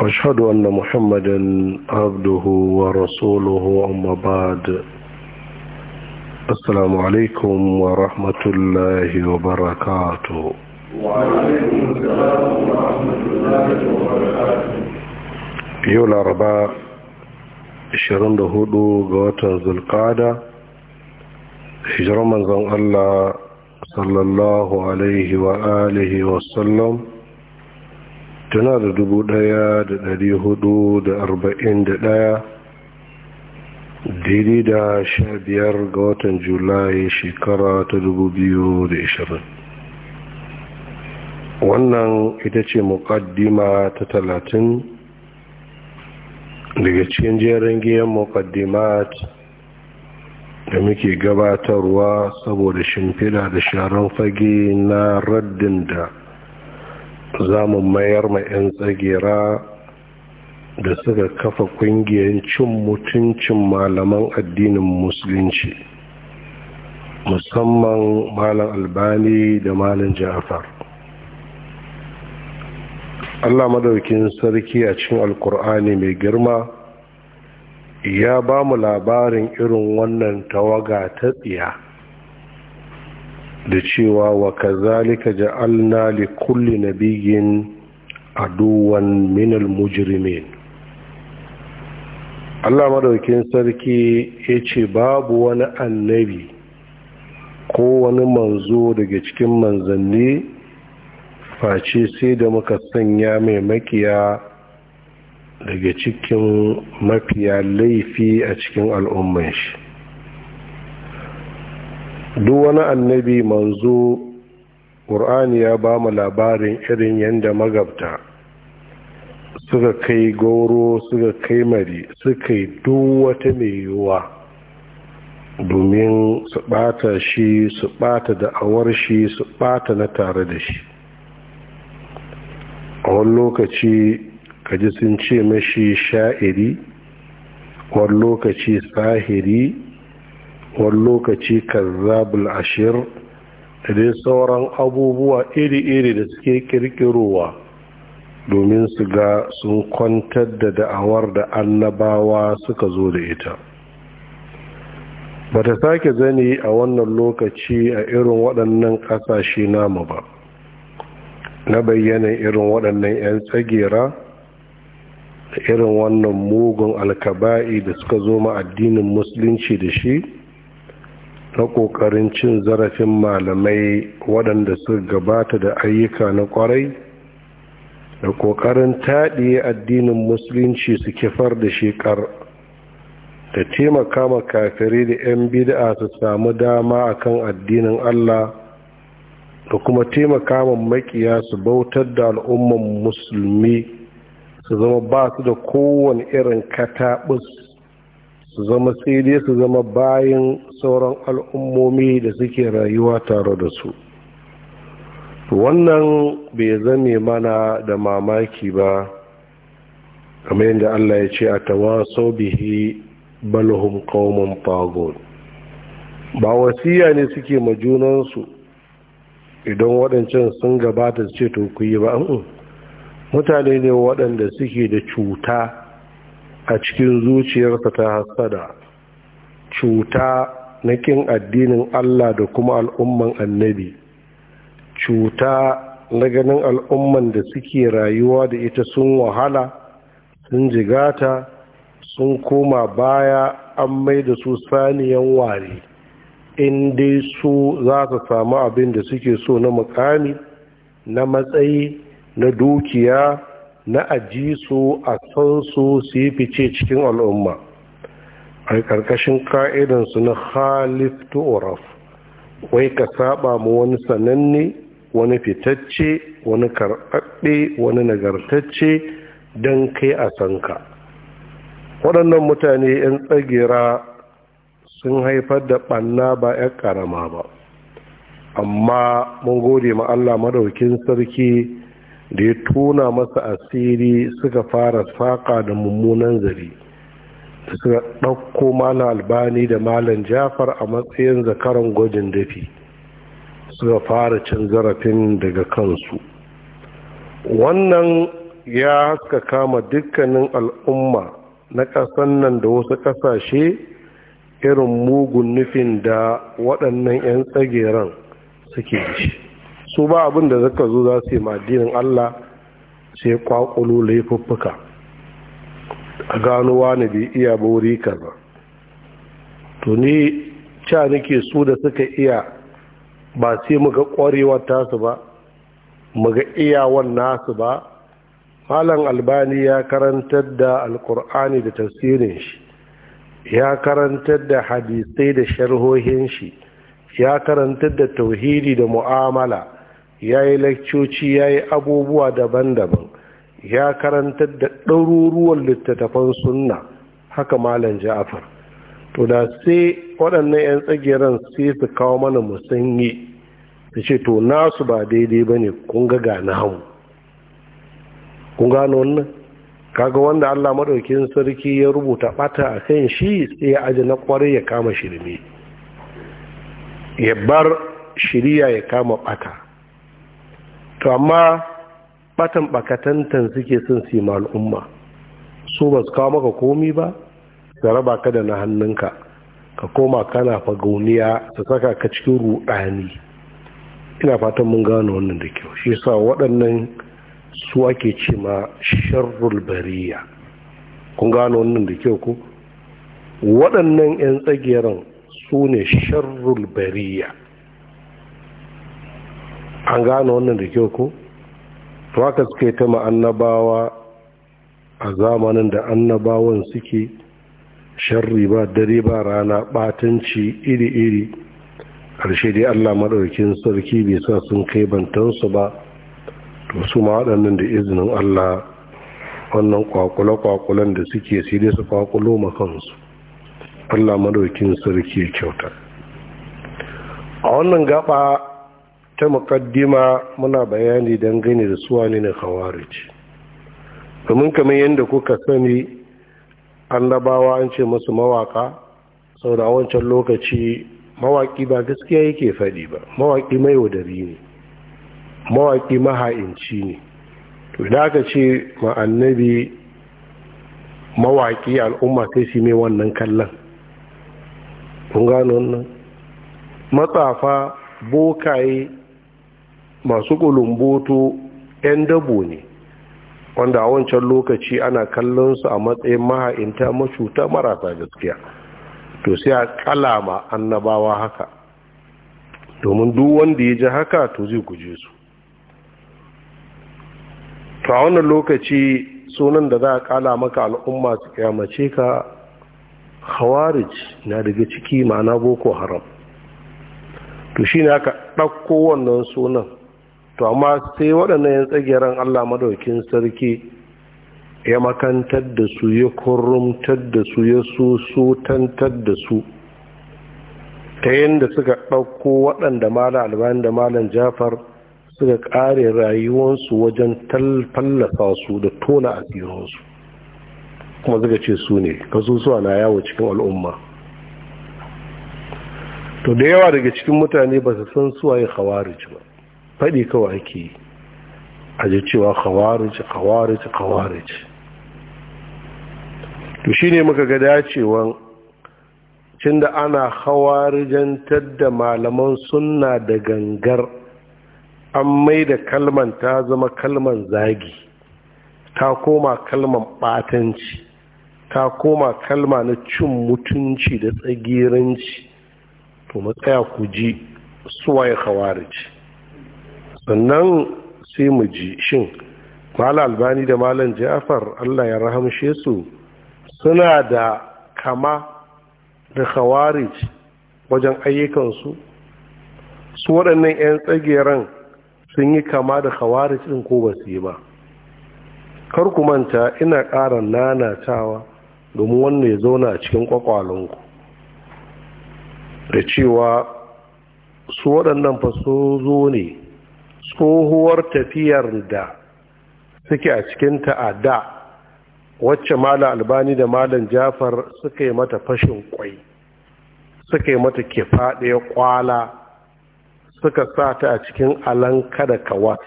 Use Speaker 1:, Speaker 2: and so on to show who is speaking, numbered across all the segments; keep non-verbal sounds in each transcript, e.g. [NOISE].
Speaker 1: أشهد أن محمدا عبده ورسوله أما بعد السلام عليكم ورحمة الله وبركاته وعليكم السلام ورحمة الله وبركاته يولا ربا شرن دهودو غوتا ذو القادة هجر من الله صلى الله عليه وآله وسلم tana da dubu ɗaya da ɗari hudu da arba'in da ɗaya daidai da sha biyar ga watan julai shekara ta dubu biyu da ishirin wannan ita ce muƙaddima ta talatin daga cikin jerin giyan muƙaddimat da muke gabatarwa saboda shimfida da sharan fage na raddin da za mu mayar ma 'yan tsagera da suka kafa kungiyar cin mutuncin malaman addinin musulunci musamman malam albani da malam ja'afar allah madaukin sarki a cikin alkur'ani mai girma ya ba mu labarin irin wannan tawaga ta tsiya da cewa wa kazalika ja'alna li kulli nabiyyin aduwan min al-mujrimin Allah madaukin sarki ya ce babu wani annabi ko wani manzo daga cikin manzanni face sai da muka sanya mai makiya daga cikin mafiya laifi a cikin al'ummanshi duk wani annabi manzo ƙur'ani ya ba mu labarin irin yadda magabta suka kai goro suka kai mari suka yi duk wata mai yiwuwa domin su ɓata shi su ɓata da'awar shi su ɓata na tare da shi a wani lokaci kaji sun ce mashi sha'iri wani lokaci sahiri wani lokaci kazzabul ashir da dai sauran abubuwa iri-iri da suke kirkirowa domin su ga sun kwantar da da'awar da annabawa suka zo da ita ba ta sake zane a wannan lokaci a irin waɗannan ƙasashe namu ba na bayyana irin waɗannan 'yan tsagera da irin wannan mugun alkaba'i da suka zo ma addinin musulunci da shi ta ƙoƙarin cin zarafin malamai waɗanda su gabata da ayyuka na ƙwarai da ƙoƙarin taɗiye addinin musulunci su kifar da shekar da taimaka ma kafirai da 'yan bid'a su samu dama a kan addinin Allah da kuma taimaka ma makiya su bautar da al'umman musulmi su zama ba su da kowane irin kataɓus su zama sai su zama bayan sauran al'ummomi da suke rayuwa tare da su wannan bai zame mana da mamaki ba kamar yadda Allah ya ce a tawaso bihi balhum qauman tagun ba wasiya ne suke ma junansu idan waɗancan sun gabata su ce to ku yi ba mutane ne waɗanda suke da cuta a cikin zuciyarsa ta hasada cuta na kin addinin Allah da kuma al'umman annabi cuta na ganin al'umman da suke rayuwa da ita sun wahala sun jigata sun koma baya an mai da su saniyan ware in su za su samu abin da suke so na mukami na matsayi na dukiya na aji su a san su su yi fice cikin al'umma a ƙarƙashin ka'idansu na halif tu'uraf wai ka saba mu wani sananne wani fitacce wani karɓaɓɓe wani nagartacce don kai a san ka. waɗannan mutane 'yan tsagera sun haifar da ɓanna ba 'yan ƙarama ba amma mun gode ma Allah madaukin sarki da ya tona masa asiri suka fara saƙa da mummunan zari da suka ɗauko malam albani da malam jafar a matsayin zakaran gwajin dafi suka fara cin zarafin daga kansu wannan ya haska kama dukkanin al'umma na ƙasan nan da wasu ƙasashe irin mugun nufin da waɗannan 'yan tsageren suke da shi su ba abin da zaka zo za su yi madinin Allah sai kwakulo laifuffuka a gano wani bai iya ba wuri kaza to ni ca nake su da suka iya ba sai muga ta su ba muga iyawan nasu ba malam albani ya karantar da alkur'ani da tafsirin shi ya karantar da hadisai da sharhohin shi ya karantar da tauhidi da mu'amala ya yi lakcoci ya yi abubuwa daban-daban ya karantar da ɗaruruwan littattafan sunna haka malam ja'afar to da sai waɗannan 'yan tsageren sai su kawo mana musanyi da ce to nasu ba daidai ba ne kun ga gane kun gano wannan kaga wanda allah maɗaukin sarki ya rubuta ɓata a kan shi sai ya aji na ƙwarai ya kama shirme ya bar shirya ya kama ɓata to amma batan bakatantan suke son su ma al'umma su ba su kawo maka komi ba da raba ka da na hannunka ka koma kana fagauniya su saka ka cikin rudani ina fatan mun gano wannan da kyau shi sa waɗannan su ake ce ma sharrul bariya kun gano wannan da kyau ku? waɗannan 'yan tsagiyar su ne sharrul bariya an gane wannan da kyau ko to haka suke ta annabawa a zamanin da annabawan suke sharri ba dare ba rana batanci iri-iri ƙarshe dai allah maɗaukin sarki bai sa sun kai bantansu ba to su ma waɗannan da izinin allah wannan kwakule-kwakulen da suke sai dai su kwakulo makansu allah maɗaukin sarki kyauta a wannan gaba ta muƙaddima muna bayani dangane da suwa ne na khawarij domin kamar yadda kuka sani annabawa an ce musu mawaka sau da wancan lokaci mawaki ba gaskiya yake faɗi ba mawaki mai wadari ne mawaki maha'inci ne to da aka ce ma annabi mawaki al'umma sai su mai wannan kallon kun gano wannan matsafa bokaye masu kulumboto 'yan dabo ne wanda a wancan lokaci ana kallon su a matsayin maha'inta macuta marasa gaskiya to sai a kalama annabawa haka domin duk wanda ya ji haka to zai guje su to a wannan lokaci sunan da za a kala maka al'umma su kyamace ka hawarij na daga ciki ma'ana boko haram to shi ne aka ɗauko wannan sunan to amma sai waɗannan yan tsageren allah madaukin sarki ya makantar da su ya kurumtar da su ya tantar da su ta yadda suka ɗauko waɗanda malam albayan da malam jafar suka ƙare rayuwansu wajen tallafa su da tona asirinsu kuma suka ce su ne kasusuwa na yawo cikin al'umma to da yawa daga cikin mutane ba su san suwaye khawarij ba faɗi kawai ake yi a ji cewa kawarici kawarici kawarici to shi ne muka ga dacewan cin da ana kawarijantar da malaman suna da gangar an mai da kalman ta zama kalman zagi ta koma kalman batanci ta koma kalma na cin mutunci da tsagiranci to matsaya ku ji suwaye kawarici sannan sai mu ji shin mala albani da malam ja'far Allah ya rahamshe su suna da kama da khawarij wajen ayyukansu su waɗannan 'yan tsageren sun yi kama da khawarij ɗin ko ba su yi ba kar ku manta ina ƙara nanatawa domin wanda ya zauna a cikin ƙwaƙwalonku da cewa su waɗannan faso zo ne tsohuwar tafiyar da suke a cikin a wacce mala albani da malan jafar suka yi mata fashin kwai suka yi mata ke faɗe kwala suka sa ta a cikin alanka da kawas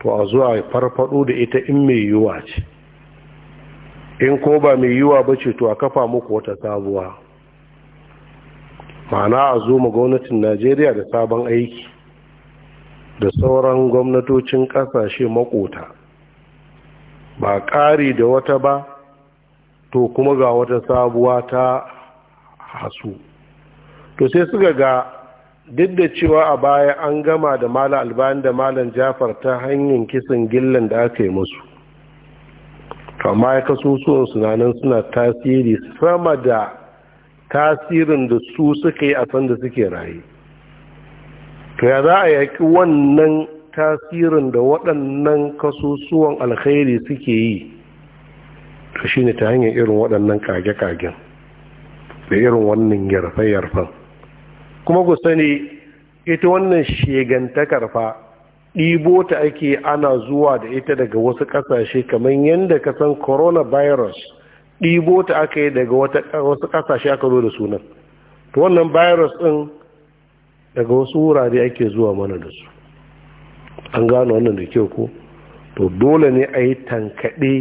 Speaker 1: to a zuwa farfado da ita in mai yiwuwa ce in ko ba mai yiwuwa ba ce to a kafa muku wata sabuwa ma'ana a zo ma gwamnatin najeriya da sabon aiki da sauran gwamnatocin ƙasashe makota ba ƙari da wata ba to kuma ga wata sabuwa ta hasu to sai suka ga duk da cewa a baya an gama da malam albayan da malam jafar ta hanyar kisan gillan da aka yi musu to amma ya kasusuwan sunanan suna tasiri sama da tasirin da su suka yi a sanda suke rayu. to ya za a yaƙi wannan tasirin da waɗannan kasusuwan alkhairi suke yi to shine ta hanyar irin waɗannan kage-kagen da irin wannan yarfe-yarfen kuma ku sani ita wannan shegantakar fa ɗibo ta ake ana zuwa da ita daga wasu ƙasashe kamar yadda ka san coronavirus ɗibo ta aka yi daga wasu ƙasashe aka zo da sunan to wannan virus ɗin daga wasu wurare ake zuwa mana da su an gano wannan da kyau ko to dole ne a yi tankaɗe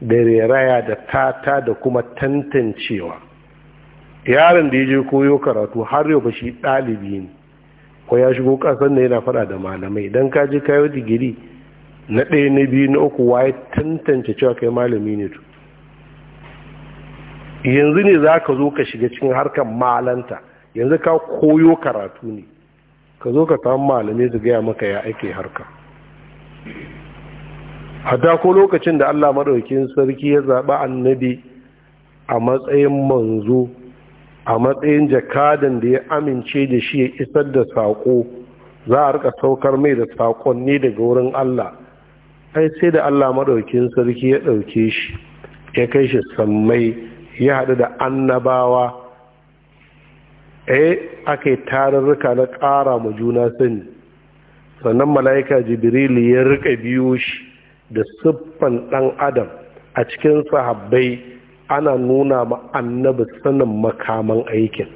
Speaker 1: da reraya da tata da kuma tantancewa yaron da ya je koyo karatu har yau ba shi ɗalibi ne ko ya shigo ƙasar ne yana faɗa da malamai don ka je kayo digiri na ɗaya na biyu na uku waye tantance cewa kai malami ne to yanzu ne za ka zo ka shiga cikin harkar malanta yanzu ka koyo karatu ne ka zo ka samu malamai su gaya maka ya ake harka hada ko lokacin da Allah maɗaukin sarki ya zaɓi annabi a matsayin manzo a matsayin jakadan da ya amince da shi ya isar da saƙo za a rika saukar mai da saƙon ne daga wurin Allah ai sai da Allah maɗaukin sarki ya ɗauke shi ya kai shi sammai ya haɗu da annabawa eh aka yi tarurruka na ƙara ma juna sani sannan mala'ika jibrilu ya rika biyu shi da siffan ɗan adam a cikin sahabbai ana nuna ma annabi sanin makaman aikin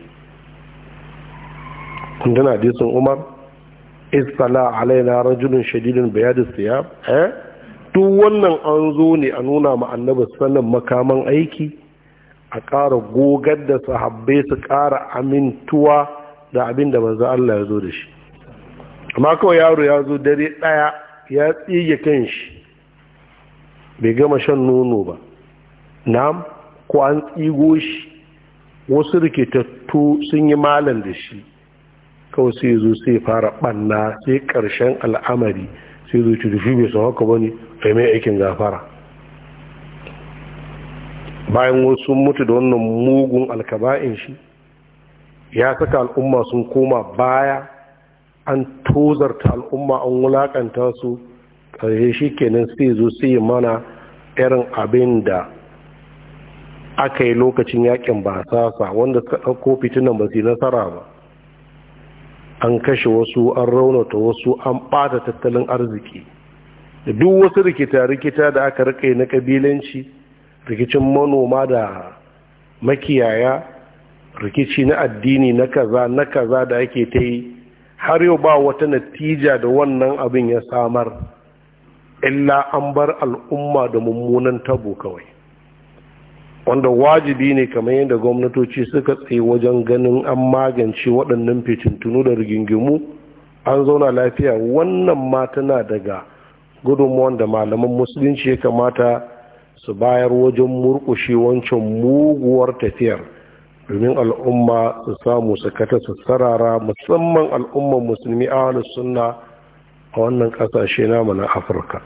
Speaker 1: kundin hadisin umar isfala alaina rajulun shadidin bayadu siyab eh duk wannan an zo ne a nuna ma annabi sanin makaman aiki a ƙara gogar da sahabbai su ƙara amintuwa da abin da manzo Allah ya zo da shi amma kawai yaro ya zo dare ɗaya ya tsige kan shi bai gama shan nono ba nam ko an tsigo shi wasu rikitattu sun yi malam da shi kawai sai zo sai fara ɓanna sai ƙarshen al'amari sai zo ci shi bai san haka ba ne mai aikin gafara bayan wasu mutu da wannan mugun alkaba'in shi ya saka al'umma sun koma baya an tozarta al'umma an wulakanta su ƙarshe shi kenan sai zo sai mana irin abin da aka yi lokacin yakin basasa wanda suka ɗauko fitinan ba su nasara ba an kashe wasu an raunata wasu an ɓata tattalin arziki da duk wasu rikita-rikita da aka rike na ƙabilanci rikicin manoma da makiyaya rikici na addini na kaza na kaza da ake ta yi har yau ba wata natija da wannan abin ya samar illa an bar al'umma da mummunan tabo kawai wanda wajibi ne kamar yadda gwamnatoci suka tsaye wajen ganin an magance waɗannan fitintunu da rigingimu an zauna lafiya wannan ma tana daga gudunmuwan da malaman musulunci ya kamata su bayar wajen murkushe wancan muguwar tafiyar domin al'umma su samu su kata su sarara musamman al'umman musulmi a wani suna a wannan ƙasashe namu na afirka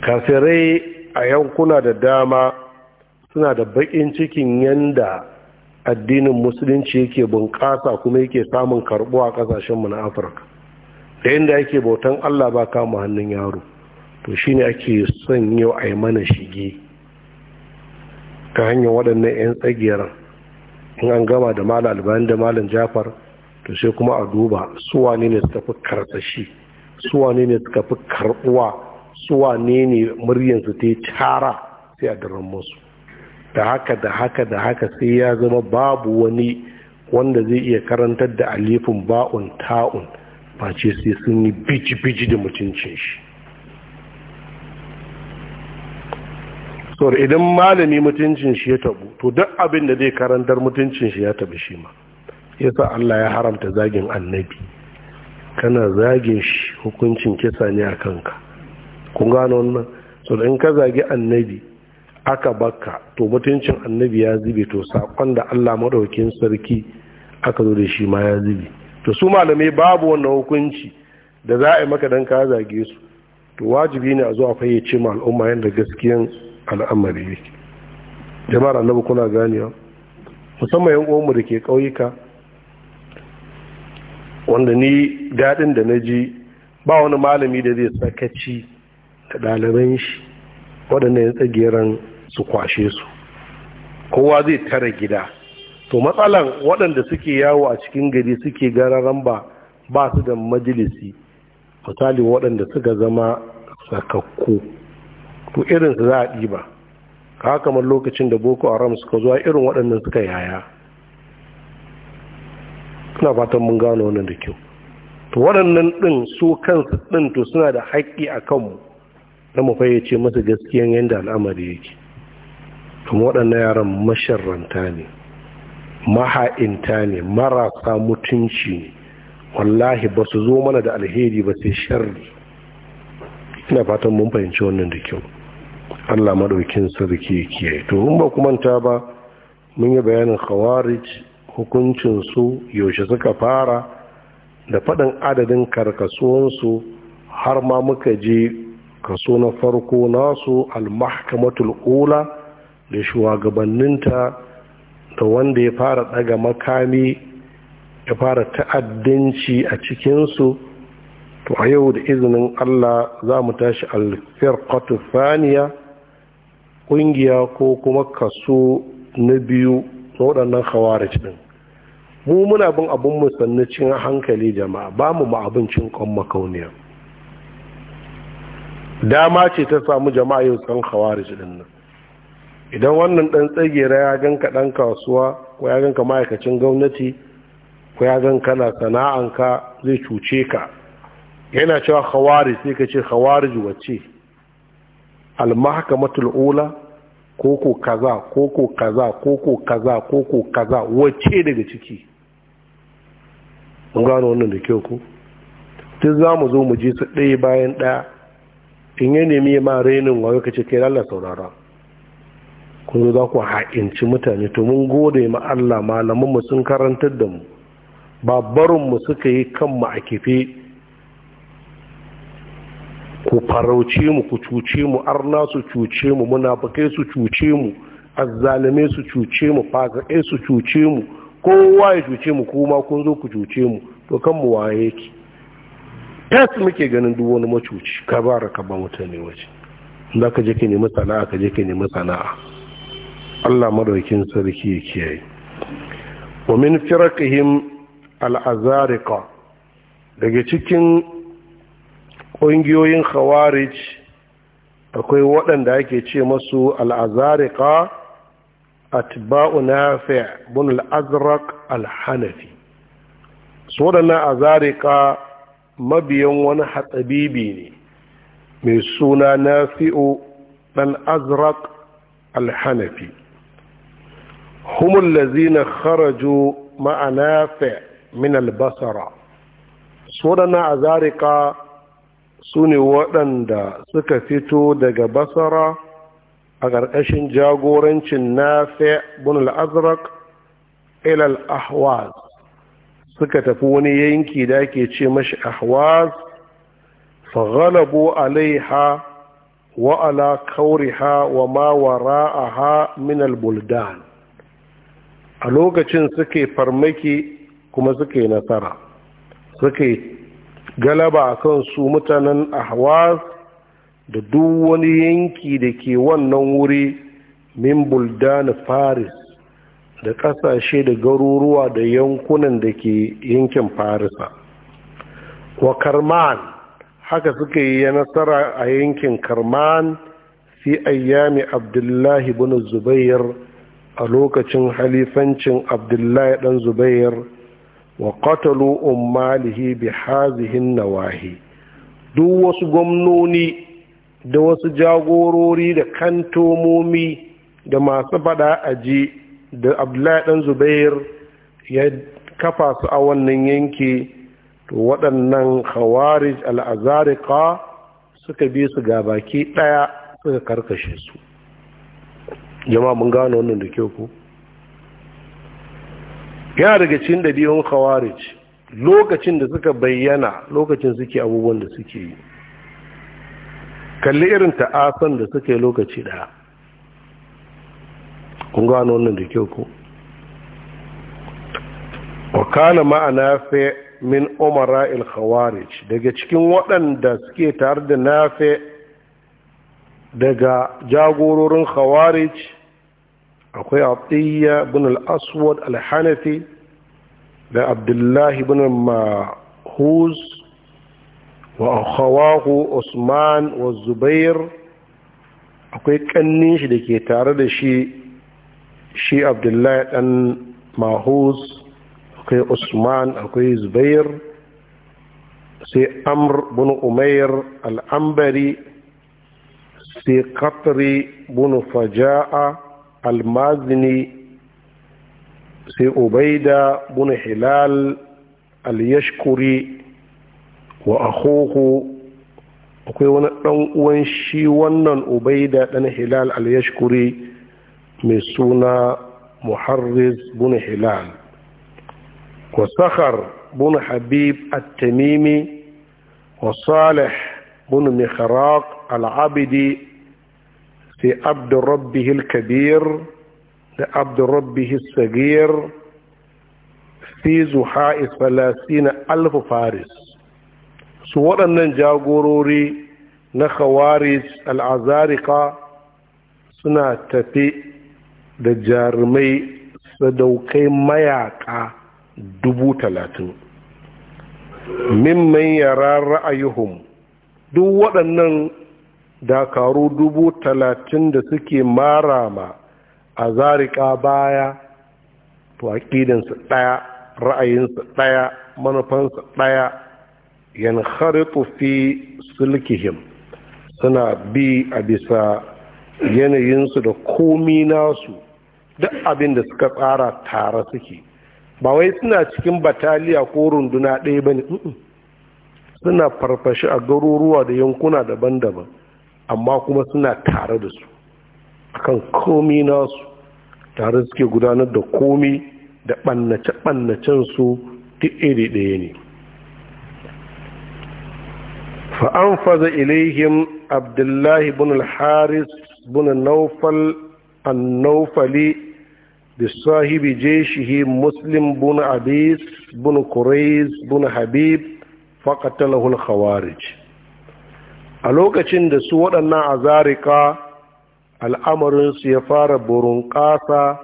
Speaker 1: kafirai a yankuna da dama suna da baƙin cikin yanda addinin musulunci yake bunƙasa kuma yake samun karɓuwa a ƙasashenmu na afirka da yadda yake bautan allah ba kama hannun yaro to shi ne ake son yau a yi mana shige ta hanyar waɗannan 'yan tsagiyar in an gama da malam albayan da malam jafar to sai kuma a duba suwa ne ne suka fi karsashi suwa ne ne suka fi karbuwa suwane ne muryansu ta yi tara sai a daren musu da haka da haka da haka sai ya zama babu wani wanda zai iya karantar da alifin ba'un ta'un face sai sun yi biji-biji da mutuncin shi so idan malami mutuncin shi ya tabu to duk abin da zai karantar mutuncin shi ya tabi shi ma yasa Allah ya haramta zagin annabi kana zage shi hukuncin kisa ne a kanka kun gano wannan so in ka zagi annabi aka baka to mutuncin annabi ya zube to sakon da Allah madaukin sarki aka zo da shi ma ya zube to su malamai babu wannan hukunci da za a yi maka dan ka zage su to wajibi ne a zo a fayyace ma al'umma yadda gaskiyan al'amari yake jama'ar annabi kuna ganewa musamman yan uwanmu da ke ƙauyuka wanda ni daɗin da na ji ba wani malami da zai sakaci da ɗaliban shi waɗanda ya tsageren su kwashe su kowa zai tara gida to matsalan waɗanda suke yawo a cikin gari suke gararan ba ba su da majalisi misali waɗanda suka zama sakakku to su za a ɗiba ka kamar lokacin da boko haram suka zuwa irin waɗannan suka yaya kuna fatan mun gano wannan da kyau to waɗannan ɗin su kansu ɗin to suna da haƙƙi a kanmu na mu fayyace masa gaskiyan yadda al'amari yake kuma waɗannan yaran masharranta ne maha'inta ne marasa mutunci ne wallahi ba su zo mana da alheri ba sai sharri ina fatan mun fahimci wannan da kyau Allah maɗaukin sarki ke, to in ba kuma ta ba mun yi bayanin khawarij hukuncin su yaushe suka fara da faɗin adadin karkasuwansu har ma muka je kaso na farko nasu al-mahkamatul ula da shugabanninta da wanda ya fara daga makami ya fara ta'addanci a cikinsu to a yau da izinin Allah za mu tashi al-firqatu thaniya ƙungiya ko kuma kaso na biyu na waɗannan khawarij ɗin mu muna bin abin musanni cin hankali jama'a ba mu ma abincin kwan makauniya dama ce ta samu jama'a yau san khawarij ɗin nan idan wannan ɗan tsagera ya ka ɗan kasuwa ko ya ganka ma'aikacin gwamnati ko ya gan na sana'anka zai cuce ka yana cewa khawarij sai ka ce khawarij wacce almahkamatul ula ko kaza ko kaza ko kaza ko kaza wace daga ciki mun gano wannan da kyau ko duk za mu zo mu je su ɗaya bayan ɗaya in ya nemi ya ma renin wayo ka ce kai lalla saurara kun zo za ku ha'inci mutane to mun gode ma Allah malaman mu sun karantar da mu babarun suka yi kanmu a kife ku farauce mu ku cuce mu arna su cuce mu munafukai su cuce mu azzalime su cuce mu fasikai su cuce mu kowa ya cuce mu kuma kun zo ku cuce mu to kan mu waye yake tas muke ganin duk wani macuci ka bara ka ba mutane waje za ka je ka nemi sana'a ka je ka nemi sana'a Allah madaukin sarki ya kiyaye wa min firaqihim al-azariqa daga cikin ƙungiyoyin khawarij akwai waɗanda ake ce masu al'azariƙa atba'u nafi' bin al'azraq al-hanafi su waɗannan azariƙa mabiyan wani hatsabibi ne mai suna na nafi'u ɗan azirak alhanafi hanafi humul lazina kharaju ma’ana fia min albasara basara su waɗannan azariƙa su ne waɗanda suka fito daga basara a ƙarƙashin jagorancin na bin al'azrak ilal ahwaz suka tafi wani yanki da ake ce mashi ahwaz faghalabu alaiha wa ala kauriha wa ma ha min buldan a lokacin suke farmaki kuma suke nasara suke galaba kan su mutanen ahwaz da duk wani yanki da ke wannan wuri min buldan faris da ƙasashe da garuruwa da yankunan da ke yankin farisa wa karman haka suka yi ya nasara a yankin karman fi ayyami abdullahi bin zubayyar a lokacin halifancin abdullahi dan zubayyar wa qatalu ummalihi bi hazihi nawahi duk wasu gwamnoni da wasu jagorori da kantomomi da masu fada aji da abdullahi dan zubair ya kafa su a wannan yanki to waɗannan khawarij al'azarika suka bi su ga baki ɗaya suka karkashe su jama'a mun gano wannan da kyau ku yana daga cikin biyun khawarij lokacin da suka bayyana lokacin suke abubuwan da suke yi kalli irin ta'asan da suke lokaci da kun gano wannan da kyau ko wa kana ma'ana fe min umara il khawarij daga cikin waɗanda suke tare da nafe daga jagororin khawarij أخي بن الأسود الحنفي لعبد الله بن المعهوز وأخواه عثمان والزبير أخي كنيش لكي تعرض شي شي عبد الله أن معهوز أخي عثمان أخي زبير سي أمر بن أمير الأنبري سي قطري بن فجاءه almazini sai ubaida bin hilal al-yashkuri wa akwai wani ɗan uwan shi wannan ubaida ɗan hilal alyashkuri yashkuri mai suna muharriz bun hilal wa sakhar bun habib at-tamimi wa salih bun mihraq al-abidi sai abdu rabbihil kabir da abdu rabbihil sagir fi zuha'i salasina alfu faris su waɗannan jagorori na khawarij al'azarika suna tafi da jarumai sadaukai mayaka dubu talatin mimman yara ra'ayuhum duk waɗannan dakaru dubu talatin da suke marama a zarika baya to ɗaya ra'ayinsu ɗaya manufansu ɗaya yan fi sulkihim suna bi a bisa yanayinsu da komi nasu duk abin da suka tsara tare suke ba wai suna cikin bataliya ko runduna ɗaya ba ne suna farfashi a garuruwa da yankuna daban-daban amma kuma suna tare da su kan komi nasu tare suke gudanar da komi da ɓannace-ɓannacen su duk iri ɗaya ne fa'an faza ilaihim abdullahi bin al-haris bin naufal annaufali da sahibi jeshihi muslim bin abis bin kureis bin habib faƙatalahul khawarij a lokacin da su waɗannan azarika al'amarinsu ya fara burin ƙasa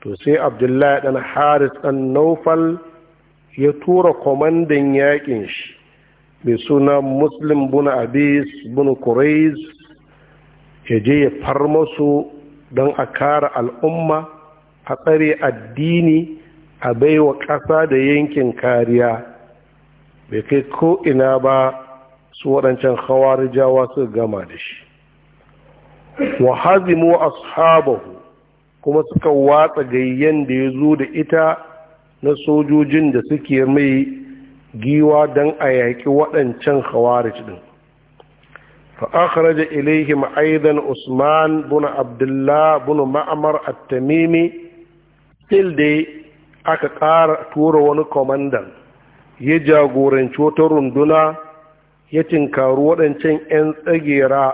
Speaker 1: to sai abdullahi ɗan haris ɗan naufal ya tura kwamandan yaƙin shi mai suna muslim bin abis bin kurais ya je ya far masu don a kara al'umma a tsare addini a baiwa ƙasa da yankin kariya bai kai ko'ina ba su waɗancan hawarijawa suka gama da shi wa hazimu ashabahu kuma suka watsa gayyen da ya zo da ita na sojojin da suke mai giwa don a yaƙi waɗancan hawarij ɗin فأخرج إليهم أيضا عثمان بن عبد الله بن معمر التميمي still dai aka ƙara tura wani kwamandan ya jagoranci wata runduna ya tinkaru waɗancan 'yan tsagera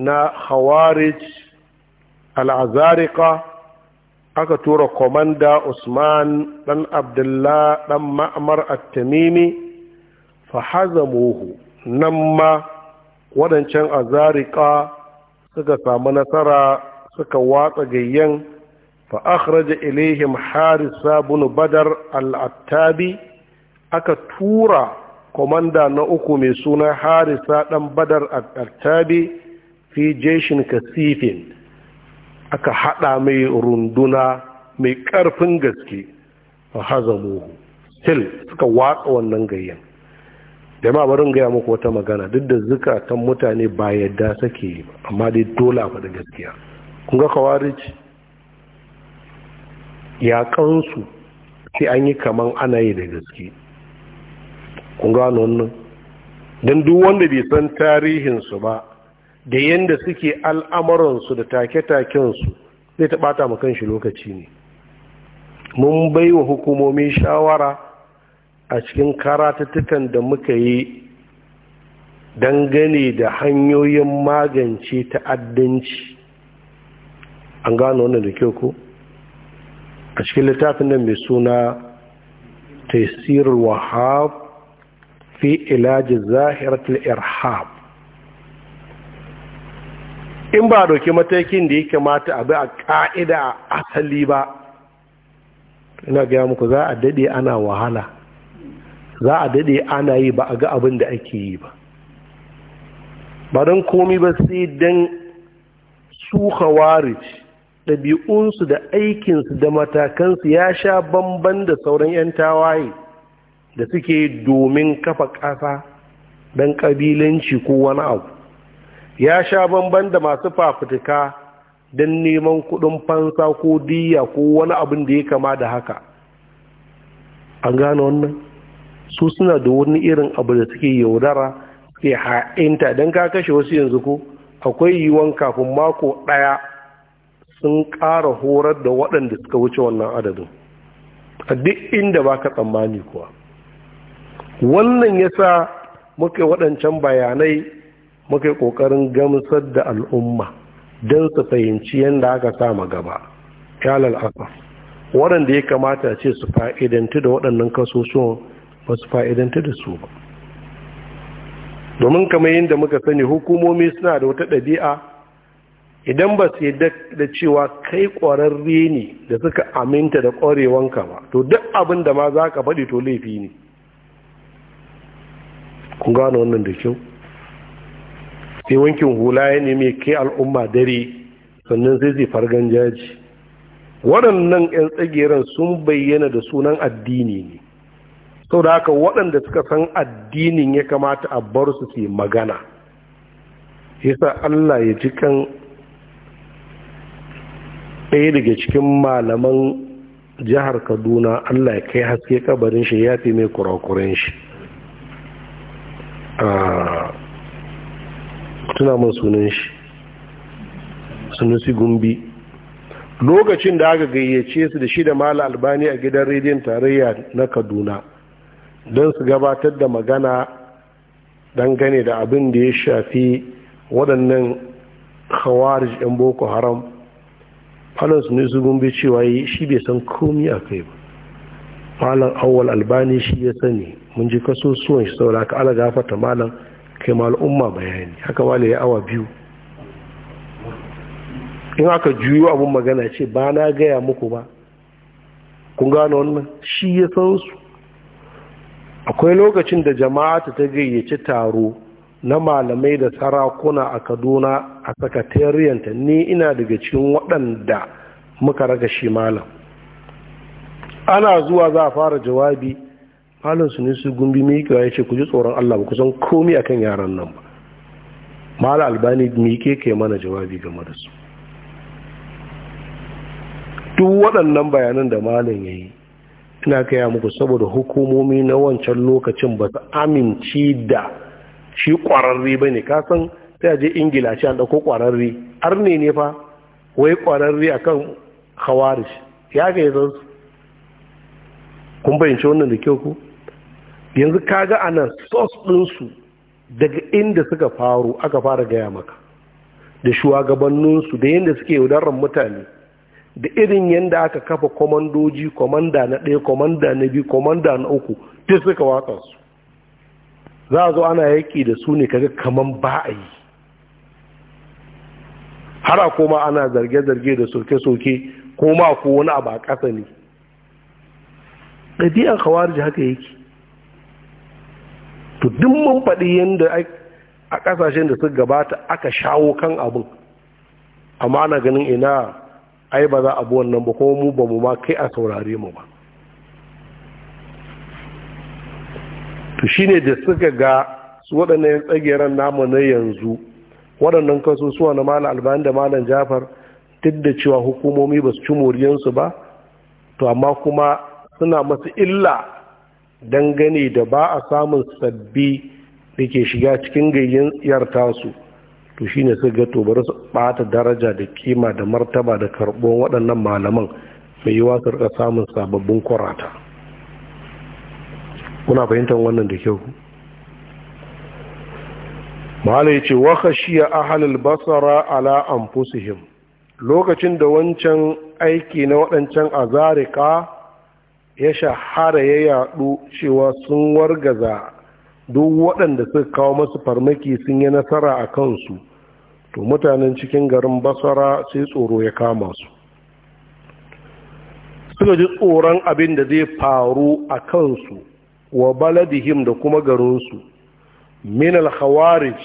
Speaker 1: na hawarij al'azarika aka tura komanda usman ɗan abdullah ɗan ma'amar at-tamimi fahazamuhu nan ma waɗancan azariƙa suka samu nasara suka watsa gayyan fa'akhraja ilaihim harisa bin badar al'attabi aka tura komanda na uku mai suna harisa ɗan badar a fi jeshin kasifin aka haɗa mai runduna mai ƙarfin gaske a hazamuhu still suka watsa wannan gayyan da ma barin gaya muku wata magana duk da zukatan mutane ba yadda sake yi ba amma dai dole a faɗi gaskiya kun ga ya yaƙansu sai an yi kaman ana yi da gaske kun gano wannan don duk wanda bai san tarihinsu ba da yadda suke al'amuransu da take-takensu zai ta ma kanshi lokaci ne mun bai wa hukumomi shawara a cikin karatattukan da muka yi dangane da hanyoyin magance ta'addanci an gano wannan da kyau ko a cikin littafin nan mai suna taisirul wahab fi ilaji zahiratul irhab in ba a doki matakin da ya kamata bi a ƙa'ida a asali ba ina gaya muku za a daɗe ana wahala za a daɗe ana yi ba a ga abin da ake yi ba ba don komi ba sai don su khawarij ɗabi'unsu da aikinsu da matakansu ya sha bamban da sauran 'yan tawaye da suke domin kafa ƙasa don ƙabilanci ko wani abu ya sha bamban da masu fafutuka don neman kuɗin fansa ko diya ko wani abin da ya kama da haka an gano wannan su suna da wani irin abu da suke yaudara suke ha'inta don ka kashe wasu yanzu ko akwai yiwuwan kafin mako ɗaya sun ƙara horar da waɗanda suka wuce wannan adadin a duk inda ba ka tsammani kuwa wannan ya sa muka waɗancan bayanai muka yi ƙoƙarin gamsar da al'umma don su fahimci yadda aka sama gaba kyalal asaf waɗanda ya kamata ce su fa'idanti da waɗannan kasusuwan ba su fa'idanti da su ba domin kamar yadda muka sani hukumomi suna da wata ɗabi'a idan ba su yadda da cewa kai ƙwararre ne da suka aminta da ƙwarewanka ba to duk abin da ma za ka faɗi to laifi ne kun gano wannan da kyau sai wankin hula ya nemi kai al'umma dare sannan sai zai fargan jaji waɗannan 'yan tsageren sun bayyana da sunan addini ne sau da haka waɗanda suka san addinin ya kamata a bar su su magana yasa allah ya ji kan ɗaya daga cikin malaman jihar kaduna allah ya kai haske kabarin shi ya fi mai kurakuren shi tuna mun sunan shi su gumbi lokacin da aka gayyace su da shi da mala albani a gidan rediyon tarayya na kaduna don su gabatar da magana dangane da abin da ya shafi waɗannan khawarij ɗan boko haram falon su ne su gumbi cewa shi bai san komi a kai ba malam awwal albani shi ya sani mun ji kasusuwan shi saboda ka ala gafarta malam kai ma al'umma bayani haka wale ya awa biyu in aka juyo abun magana ce ba na gaya muku ba kun gano wannan shi ya san su akwai lokacin da jama'a ta gayyaci taro na malamai da sarakuna a kaduna a sakatariyanta ni ina daga cikin waɗanda muka raga shi malam ana zuwa za a fara jawabi malam su ne su gumbi mika ya ce ku ji tsoron Allah ba kusan komi komai akan yaran nan ba mala albani mike ke mana jawabi game da su duk waɗannan bayanan da malam ya yi ina kaya muku saboda hukumomi na wancan lokacin ba su aminci da shi ƙwararre ba ne kasan sai a ingila ce an ɗauko ƙwararre har ne ne fa wai ƙwararre a kan hawarish ya ga yi kun bayyance wannan da kyau ku yanzu kaga a nan sos ɗinsu daga inda suka faru aka fara gaya maka da shugabanninsu da yadda suke yaudarar mutane da irin yadda aka kafa kwamandoji kwamanda na ɗaya kwamanda na biyu kwamanda na uku duk suka watsa su za a zo ana yaƙi da su ne kaga kaman ba a yi har a koma ana zarge-zarge da soke-soke ko ma ko wani abu a ƙasa ne ɗabi'an kawarji haka yake to duk mun faɗi yadda a ƙasashen da suka gabata aka shawo kan abin amma na ganin ina ai ba za a bi wannan ba kuma mu ba mu ma kai a saurare mu ba to shine da suka ga su waɗannan tsageren namu na yanzu waɗannan suwa na malam albani da malam jafar duk da cewa hukumomi ba su ci moriyansu ba to amma kuma suna masu illa dangane da ba a samun sabbi da ke shiga cikin gayyar 'yarta tasu to shi ne suka gato bari su ɓata daraja da kima da martaba da karɓon waɗannan malaman mai yiwa su rika samun sababbin kwarata kuna fahimtar wannan da kyau mahala ce wa a ahlul basara ala anfusihim lokacin da wancan aiki na waɗancan azarika ya shahara ya yadu cewa sun wargaza duk waɗanda suka kawo masu farmaki sun yi nasara a kansu to mutanen cikin garin basara sai tsoro ya kama su suka ji tsoron abin da zai faru a kansu wa baladihim da kuma garinsu minal khawarij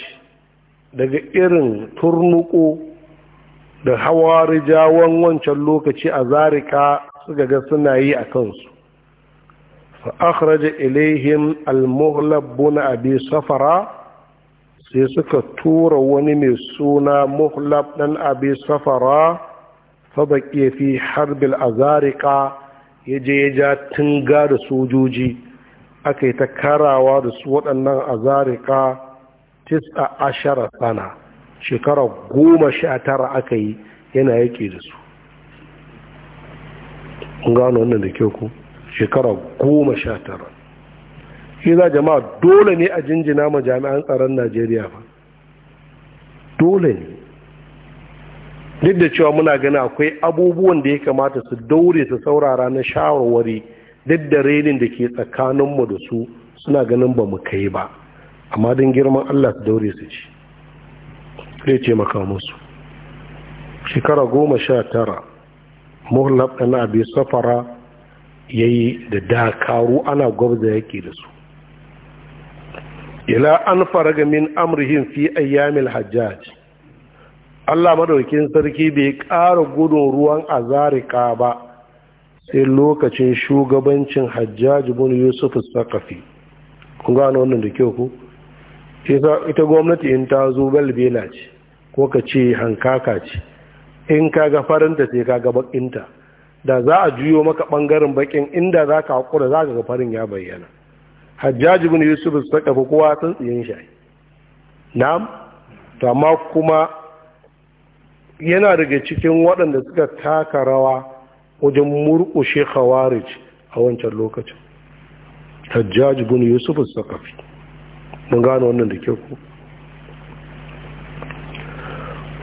Speaker 1: daga irin turnuko da hawarijawan wancan lokaci a zarika suka ga suna yi a kansu fa akhraja ilaihim al-mughlab safara sai suka tura wani mai suna muhlab ɗan abi safara fa baqiya fi harbil ya je ya ja tunga da sojoji aka yi ta karawa da su waɗannan azarika tis'a ashara sana shekara goma sha tara aka yi yana yake da su gano wannan da kyau ku shekara goma sha tara shi za jama'a dole ne a jinjina ma jami'an tsaron najeriya ba, dole ne duk da cewa muna gani akwai abubuwan da ya kamata su daure su saurara na shawarwari duk da renin da ke tsakaninmu da su suna ganin ba mu kai ba amma don girman allah su daure su ci zai ce maka musu shekara goma sha tara muhlab na abi safara ya yi da dakaru ana gwabza yake da su ila an faraga min amurhin fi ayyamil hajjaj Allah madaukin sarki bai ƙara gudun ruwan azarika ba sai lokacin shugabancin hajjaj bin yusuf sakafi kun gano wannan da kyau ku ita gwamnati in ta zo galbela ce ko ka ce hankaka ce in ka ga farinta sai ka ga bakinta da za a juyo maka ɓangaren bakin inda za ka haƙura za ka ga farin ya bayyana hajjaji bin yusuf su taɓa kowa sun tsiyin shi na'am ta amma kuma yana daga cikin waɗanda suka taka rawa wajen murƙushe khawarij a wancan lokacin hajjaji bin yusuf su mun gano wannan da kyau ku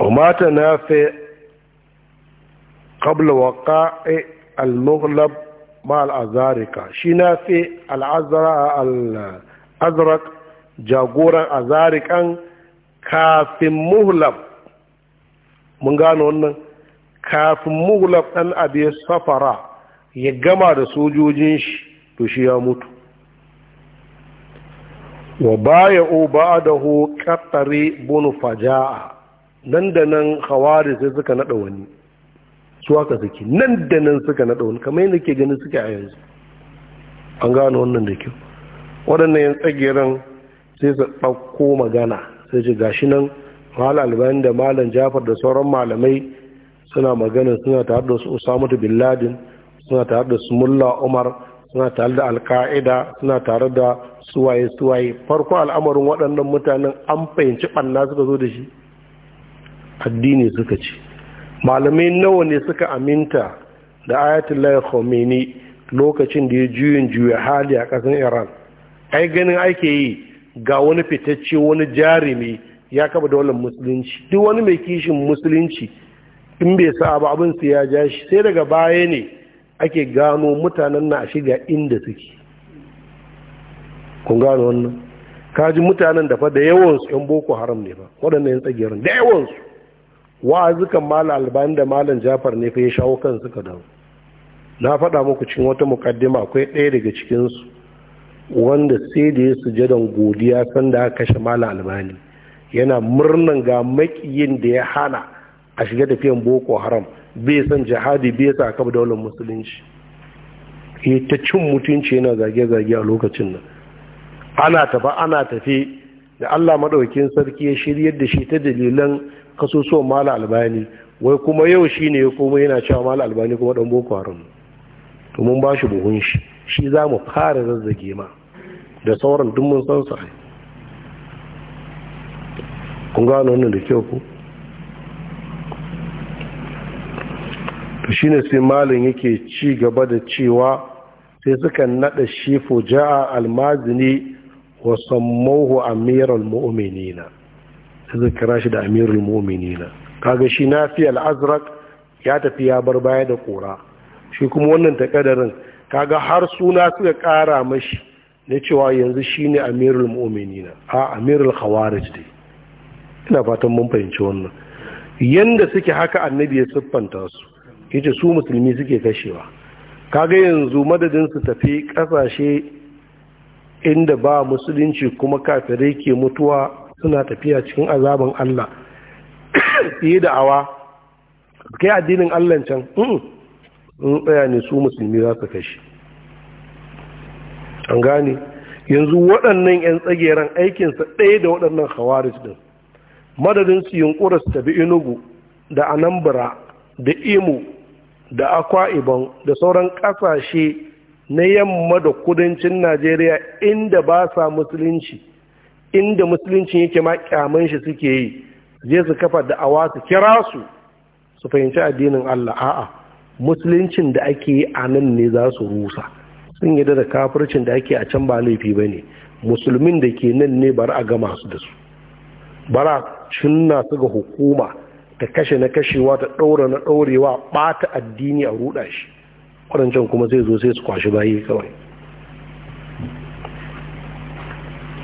Speaker 1: umata nafi qabla waqa'i al-mughlab ma al-azarika shi na fi al-azraq jagoran azarikan kafin muhlab mun gano wannan kafin muhlab ɗan abi safara ya gama da sojojin shi to shi ya mutu wa baya o ba'adahu qattari bunu faja'a nan da nan khawari sai suka nada wani suwaka ka suke nan da nan suka naɗa wani kamar yadda ke ganin suke a yanzu an gano wannan da kyau waɗannan yan tsageren sai su ɗauko magana sai ce gashi nan da malam jafar da sauran malamai suna magana suna ta da su usamu bin ladin suna tare da su mulla umar suna tare da alka'ida suna tare da suwaye suwaye farko al'amarin waɗannan mutanen an fahimci ɓanna suka zo da shi addini suka ce malamai nawa ne suka aminta da ayatollah khomeini lokacin da ya juyin juya hali a ƙasar iran ai ganin ake yi ga wani fitacce wani jarumi ya kaba da wannan musulunci duk wani mai kishin musulunci in bai sa abu abin su ya ja shi sai daga baya ne ake gano mutanen na shiga inda suke kun gano wannan kaji mutanen da fa da yawansu yan boko haram ne ba waɗannan yan tsagiyarin da yawansu wa'azukan malam albani da malam jafar ne fa ya shawo kan suka dawo na faɗa muku cikin wata mukaddima akwai ɗaya daga cikinsu wanda sai da ya sujadan godiya sanda aka kashe malam albani yana murnan ga makiyin da ya hana a shiga tafiyan boko haram bai san jihadi bai sa da daular musulunci ya ta cin mutunci yana zage-zage a lokacin nan ana tafi ana tafi da Allah maɗaukin sarki ya shiryar da shi ta dalilan kasusuwan mala albani wai kuma yau shi ne kuma yana cewa mala albani kuma ɗan boko haram to mun ba shi buhun shi shi za mu fara zazzage ma da sauran duk mun san sa kun gano wannan da kyau ku to shine sai malin yake ci gaba da cewa sai suka nada shi fuja'a almazini Wasan sammuhu amirul mu'minina sai kira shi da amirul mu'minina kaga shi nafi azraq ya tafi ya bar baya da kura shi kuma wannan takadarin kaga har suna suka kara mashi na cewa yanzu shine amirul mu'minina a amirul khawarij dai ina fatan mun fahimci wannan yanda suke haka annabi ya siffanta su yace su musulmi suke kashewa kaga yanzu madadin su tafi kasashe inda ba musulunci kuma kafirai ke mutuwa suna tafiya cikin azaban Allah fiye [COUGHS] da awa kai addinin Allah can in tsaya ne su musulmi za su kashi an gane yanzu waɗannan 'yan tsageren aikinsa ɗaya da waɗannan hawaris din madadin su yunkura su tabi inugu da anambra da imo da akwa ibon da sauran ƙasashe na yamma da kudancin najeriya inda ba sa musulunci inda musulunci yake ma kyaman shi suke yi je su kafa da awa su kira su su fahimci addinin allah a'a musuluncin da ake yi a nan ne za su rusa sun yi da kafircin da ake a can ba laifi ba ne musulmin da ke nan ne bar a gama su da su bara cinna su ga hukuma ta kashe na kashewa ta ɗaura na ɗaurewa ɓata addini a ruɗa shi waɗancan kuma zai zo sai su kwashi bayi kawai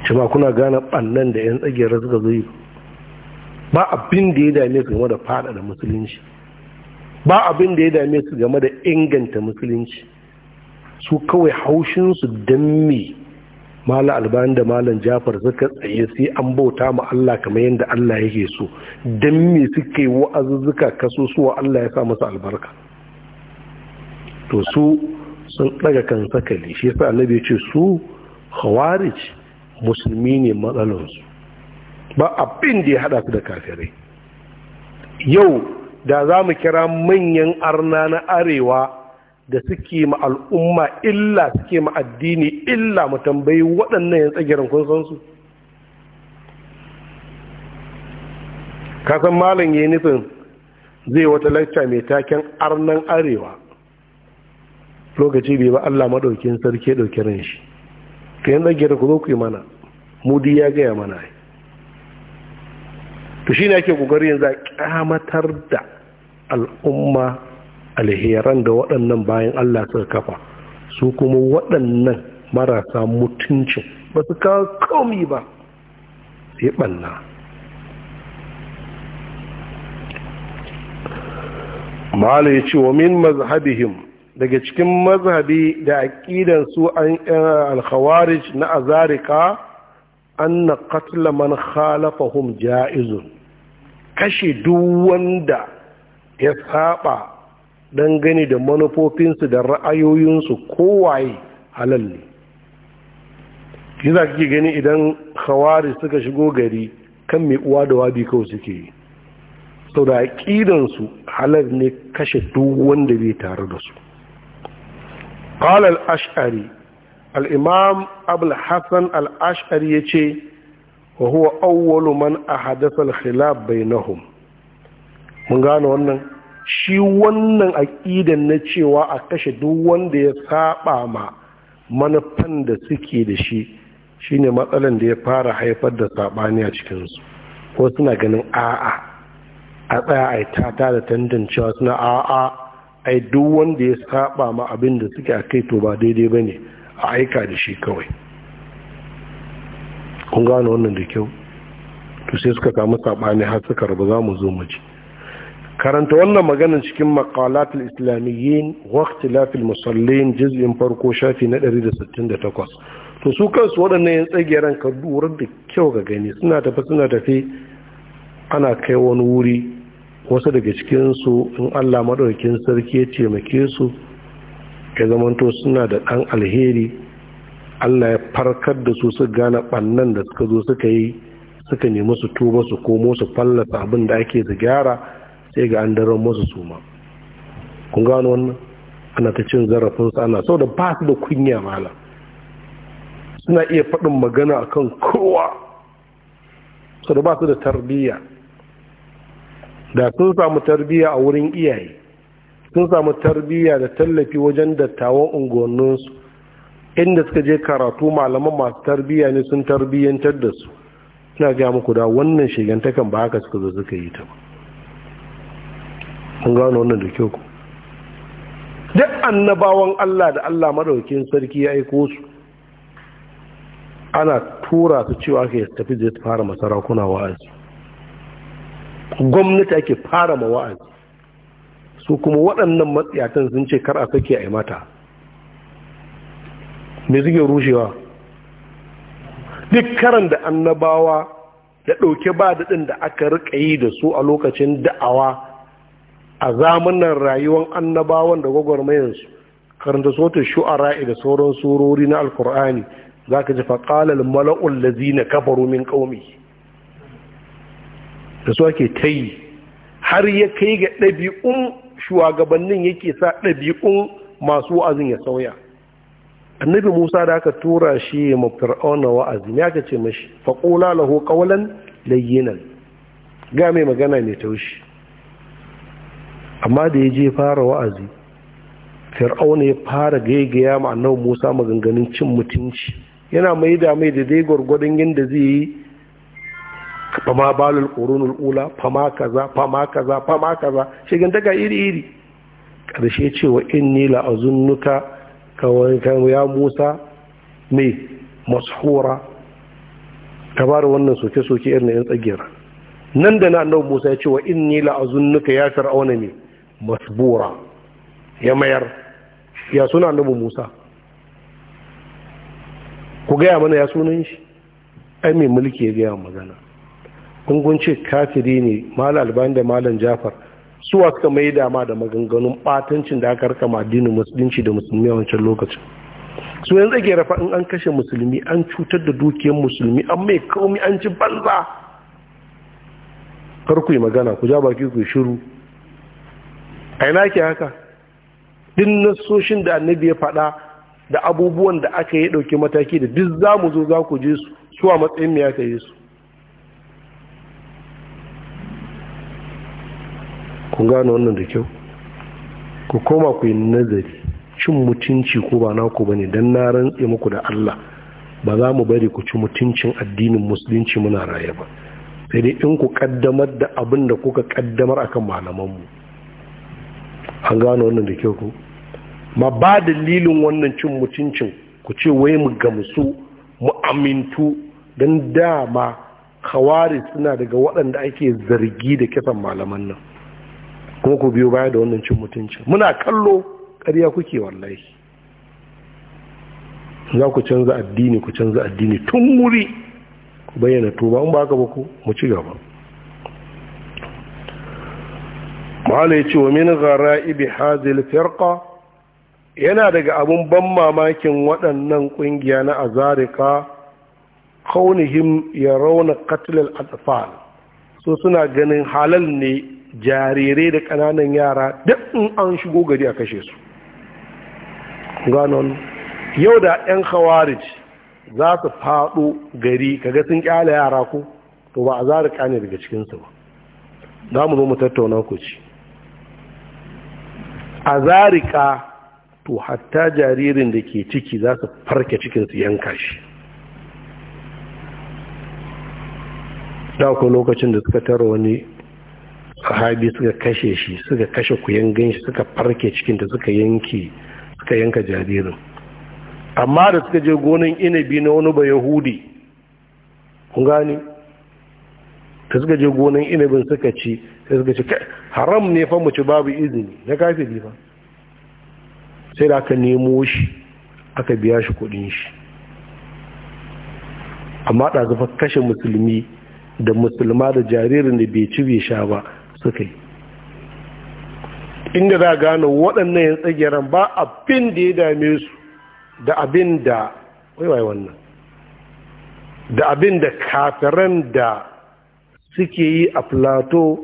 Speaker 1: jama kuna gane ɓannan da 'yan tsagiyar suka zo yi ba abin da ya dame su game da fada da musulunci ba abin da ya dame su game da inganta musulunci su kawai haushinsu don me mala albani da malam jafar suka tsaye sai an bauta ma Allah kamar yadda Allah yake so don me suka yi wa'azuzzuka kaso suwa Allah ya sa masa albarka to su sun daga kan sakali shi sa annabi ya ce su khawarij musulmi ne matsalansu ba abin da ya hada su da kafirai yau da za mu kira manyan arna na arewa da suke ma al'umma illa suke ma addini illa mu tambayi waɗannan yan tsagirin kun san su kasan malam ya nufin zai wata lacca mai taken arnan arewa lokaci bai ba Allah maɗaukin sarki ya ran shi to yanzu da ku zo ku yi mana mudi ya gaya mana ai to shine ake ƙoƙari yanzu a ƙyamatar da al'umma alheran da waɗannan bayan Allah suka kafa su kuma waɗannan marasa mutuncin ba su kawo komi ba sai ɓanna ma'ala ya ce wa min mazhabihim daga cikin mazhabi da aqidan su an eh, al-khawarij na azarika anna qatl man khalafahum ja'izun kashe duk wanda ya saba dangane da manufofinsu da ra'ayoyinsu kowaye halal ne shi za kike gani idan khawarij suka shigo gari kan mai uwa da wabi kawai suke yi sau da aƙidansu halar ne kashe duk wanda bai tare da su قال الاشعري الامام ابو الحسن الاشعري يتي وهو اول من احدث الخلاف بينهم mun gano wannan shi wannan aƙidan na cewa a kashe duk wanda ya saba ma manufan da suke da shi shine matsalan da ya fara haifar da sabani a cikin su ko suna ganin a'a a tsaya a da tantancewa suna a'a ai duk wanda ya saba ma abin da suke a kai to ba daidai ba ne a aika da shi kawai kun gane wannan da kyau to sai suka samu saɓani har suka rabu za mu zo mu ji karanta wannan maganar cikin maqalat al-islamiyyin wa ikhtilaf musallin juz'in farko shafi na 168 to su kansu waɗannan yan tsagiyaran ka durar da kyau ga gani suna tafi suna tafi ana kai wani wuri wasu daga cikinsu in allah maɗaukin sarki ya taimake su ya zamanto suna da ɗan alheri allah ya farkar da su su gane ɓannan da suka zo suka yi suka nemi su tuba su komo su fallasa abin da ake su gyara sai ga an daren masu suma kun gano wannan ana ta cin zarafinsu ana sau da ba su da kunya malam suna iya faɗin magana akan kowa sau da ba su da tarbiyya da sun samu tarbiyya a wurin iyaye sun samu tarbiyya da tallafi wajen dattawan unguwanninsu inda suka je karatu malaman masu tarbiyya ne sun tarbiyyantar da su suna ga muku da wannan shigantakan ba haka suka zo suka yi ta an gano wannan da kyau ku duk annabawan Allah da Allah madaukin sarki ya aiko su ana tura su cewa ka tafi zai fara masarakuna wa'azi gwamnati ake fara ma wa'azi su kuma waɗannan matsiyatan sun ce kar a sake a mata me suke rushewa duk karan da annabawa da ɗauke ba daɗin da aka riƙa yi da su a lokacin da'awa a zamanin rayuwar annabawan da gwagwarmayansu karanta sautin shu'ara da sauran surori na alkur'ani za ka ji faƙalar mala'ul lazi na min ƙaumi da zuwa ake ta yi har ya kai ga ɗabi'un shugabannin yake sa ɗabi'un masu wa'azin ya sauya annabi musa da aka tura shi ma fir'auna wa'azin, ya ka ce mashi faƙola laho ƙawalan layyinan ga mai magana mai taushi amma da ya je fara wa'azi fir'auna ya fara gaigaya ma annabi musa maganganun cin mutunci yana mai da mai da dai gwargwadon yadda zai yi fama balul qurunul ula fama kaza fama kaza fama kaza shigin daga iri iri karshe cewa inni la azunnuka kawai kan ya Musa mai mashura tabar wannan soke soke irin yan tsagera nan da na annabi Musa ya ce wa inni la azunnuka ya fir'auna mai masbura ya mayar ya suna annabi Musa ku gaya mana ya sunan shi ai mai mulki ya gaya magana kun ce kafiri ne malam albani da malam jafar suwa suka mai dama da maganganun batancin da aka rika addinin musulunci da musulmi a wancan lokacin su yanzu ake rafa in an kashe musulmi an cutar da dukiyar musulmi an mai kaumi an ci banza kar ku yi magana ku ja baki ku shiru a ina ke haka Din nasoshin da annabi ya faɗa da abubuwan da aka yi ɗauki mataki da duk za mu zo za ku je su a matsayin mu ya yi su ku gane wannan da kyau ku koma ku yi nazari cin mutunci ko ba naku bane dan na rantse muku da Allah ba za mu bari ku ci mutuncin addinin musulunci muna raye ba sai dai in ku kaddamar da abin da kuka kaddamar akan malamanmu an gano wannan da kyau ku ma ba dalilin wannan cin mutuncin ku ce wai mu gamsu mu amintu don dama kawari suna daga waɗanda ake zargi da kisan malaman nan Kuma ku biyo baya da wannan cin mutuncin muna kallo ƙarya kuke wallahi za ku canza addini ku canza addini tun wuri ku bayyana tuba in ba ka ba ku mu ci gaba mala ya ce wa min ibi hazil firqa yana daga abun ban mamakin waɗannan ƙungiya na azarika kaunihim ya rauna katilal atfal so suna ganin halal ne jarirai da kananan yara duk in an shigo gari a kashe su ganon yau da 'yan khawarij za su faɗo gari kaga sun ƙyala yara ko to ba a za da ƙane daga cikinsu ba za mu zo mu tattauna ku ci a zarika to hatta jaririn da ke ciki za su farke cikinsu yanka shi da ku lokacin da suka tara wani sahabi suka kashe shi suka kashe kuyangan shi suka farke da suka yanke suka yanka jaririn amma da suka je gonan inabi na wani ba yahudi kun gani ta suka je gonan inabin suka ci sai suka ci haram ne fa mu ci babu izini na ne fa sai da aka nemo shi aka biya shi kudin shi amma da zafa kashe musulmi da musulma da jaririn da bai ci bai sha ba suka yi inda za gano waɗannan yan tsagiran ba abin da ya dame su da abin da waiwai wannan da abin da kafiran da suke yi a plateau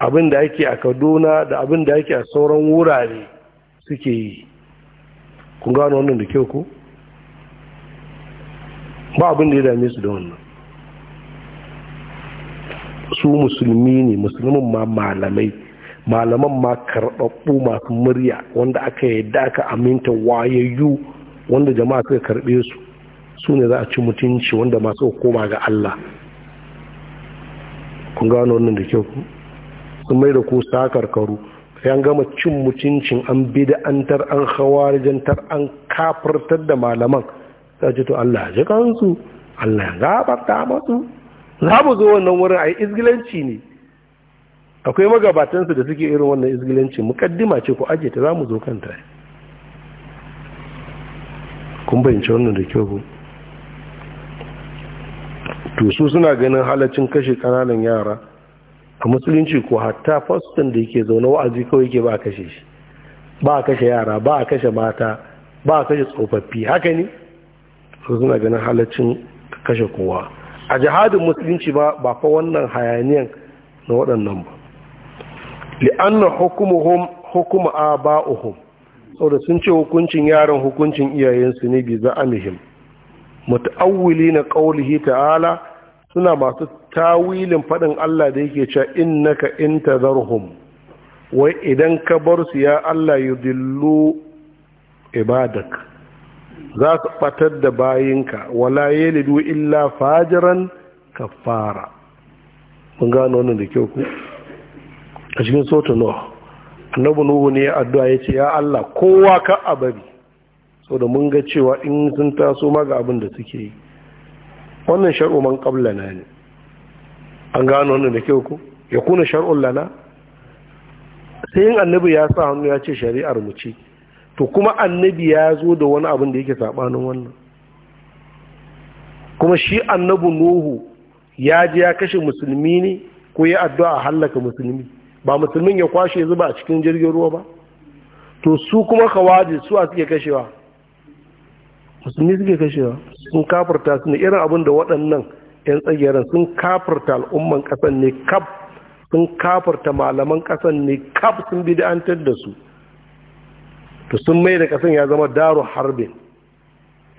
Speaker 1: abin da ake a kaduna da abin da ake a sauran wurare suke yi kun gano wannan da kyau ko ba abin da ya dame su da wannan su musulmi ne musulmin ma malamai malaman ma karɓaɓɓu masu murya wanda aka yadda aka aminta wayayyu wanda jama'a suka karɓe su su ne za a ci mutunci wanda masu koma ga Allah kun gano wannan da kyau sun mai da ku sai an gama cin mutuncin an bid'antar an hawarijantar an kafirtar da malaman sai ce to Allah ya ji kansu Allah ya gafarta masu za mu zo wannan wurin a yi izgilanci ne akwai magabatansu da suke irin wannan izgilanci mukaddima ce ku aje ta za mu zo kanta kun bayanci wannan da kyau to su suna ganin halacin kashe kananan yara a musulunci ko hatta faston da yake zaune wa'azi kawai yake ba a kashe shi ba a kashe yara ba a kashe mata ba a kashe tsofaffi haka ne su suna ganin halacin kashe kowa a jihadin musulunci ba ba fa wannan hayaniyan na waɗannan ba li'anna hukumuhum hukuma aba'uhum saboda sun ce hukuncin yaran hukuncin iyayensu ne bi za'amihim na ƙaulihi ta'ala suna masu tawilin faɗin Allah da yake cewa innaka intazarhum wai idan ka bar su ya Allah yudillu ibadak za su batar da bayinka wala yalidu illa fajiran kafara mun gano wannan da kyau ku a cikin sota nuh annabi nuhu ne addu'a ya ce ya Allah kowa ka abari so da mun ga cewa in sun taso ma ga abin da suke yi wannan shar'u man qabla na ne an gano wannan da kyau ku ya kuna shar'un lana sai yin annabi ya sa hannu ya ce shari'ar mu ce to kuma annabi ya zo da wani abin da yake saɓanin wannan kuma shi annabu nuhu ya ji ya kashe musulmi ne ko ya addu'a a hallaka musulmi ba musulmin ya kwashe zuba a cikin jirgin ruwa ba to su kuma kawaji su a suke kashewa musulmi suke kashewa sun kafarta su ne irin abin da waɗannan 'yan tsagiyar sun kafarta al'umman ƙasan ne kaf sun kafarta malaman ƙasan ne kaf sun bid'antar da su to sun mai da kasan ya zama daru harbin